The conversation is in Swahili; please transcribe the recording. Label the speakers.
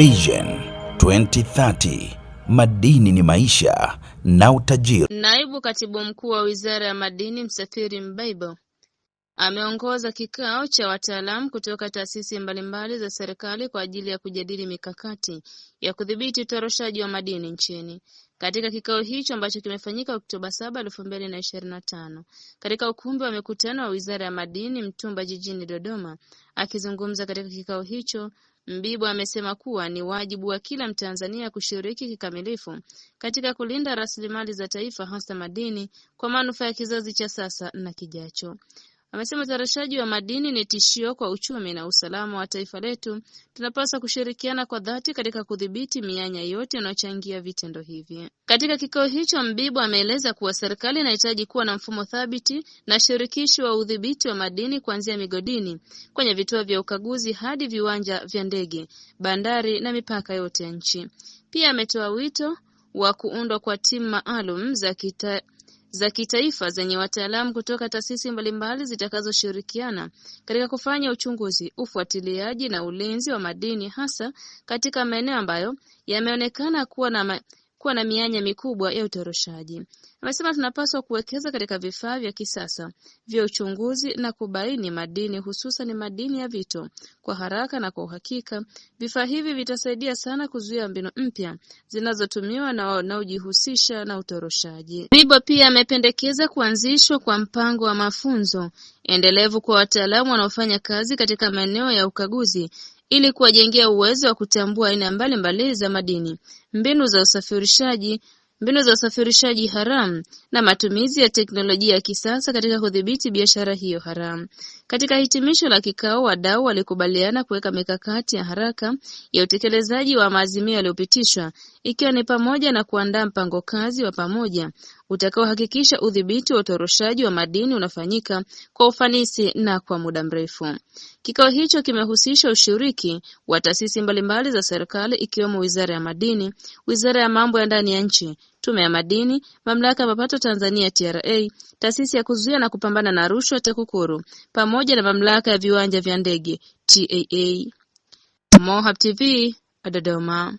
Speaker 1: Vision 2030 madini ni maisha na utajiri. Naibu Katibu Mkuu wa Wizara ya Madini Msafiri Mbaibo ameongoza kikao cha wataalamu kutoka taasisi mbalimbali za serikali kwa ajili ya kujadili mikakati ya kudhibiti utoroshaji wa madini nchini. Katika kikao hicho ambacho kimefanyika Oktoba 7, 2025 katika ukumbi wa mikutano wa Wizara ya Madini Mtumba jijini Dodoma, akizungumza katika kikao hicho, mbibwa amesema kuwa ni wajibu wa kila Mtanzania kushiriki kikamilifu katika kulinda rasilimali za Taifa hasa madini kwa manufaa ya kizazi cha sasa na kijacho Amesema utayarishaji wa madini ni tishio kwa uchumi na usalama wa taifa letu. Tunapaswa kushirikiana kwa dhati katika kudhibiti mianya yote inayochangia vitendo hivi. Katika kikao hicho, Mbibo ameeleza kuwa serikali inahitaji kuwa na mfumo thabiti na shirikishi wa udhibiti wa madini kuanzia migodini, kwenye vituo vya ukaguzi hadi viwanja vya ndege, bandari na mipaka yote ya nchi. Pia ametoa wito wa kuundwa kwa timu maalum za kita za kitaifa zenye wataalamu kutoka taasisi mbalimbali zitakazoshirikiana katika kufanya uchunguzi, ufuatiliaji na ulinzi wa madini hasa katika maeneo ambayo yameonekana kuwa na kuwa na mianya mikubwa ya utoroshaji. Amesema tunapaswa kuwekeza katika vifaa vya kisasa vya uchunguzi na kubaini madini hususan madini ya vito kwa haraka na kwa uhakika. Vifaa hivi vitasaidia sana kuzuia mbinu mpya zinazotumiwa na wanaojihusisha na utoroshaji. Nibo pia amependekeza kuanzishwa kwa mpango wa mafunzo endelevu kwa wataalamu wanaofanya kazi katika maeneo ya ukaguzi ili kuwajengea uwezo wa kutambua aina mbalimbali za madini, mbinu za usafirishaji mbinu za usafirishaji haramu na matumizi ya teknolojia ya kisasa katika kudhibiti biashara hiyo haramu. Katika hitimisho la kikao, wadau walikubaliana kuweka mikakati ya haraka ya utekelezaji wa maazimio yaliyopitishwa ikiwa ni pamoja na kuandaa mpango kazi wa pamoja utakaohakikisha udhibiti wa utoroshaji wa madini unafanyika kwa ufanisi na kwa muda mrefu. Kikao hicho kimehusisha ushiriki wa taasisi mbalimbali za serikali ikiwemo Wizara ya Madini, Wizara ya Mambo ya Ndani ya Nchi, Tume ya Madini, Mamlaka ya Mapato Tanzania TRA, Taasisi ya Kuzuia na Kupambana na Rushwa TAKUKURU, pamoja na Mamlaka ya Viwanja vya Ndege TAA. Mohab TV, Dodoma.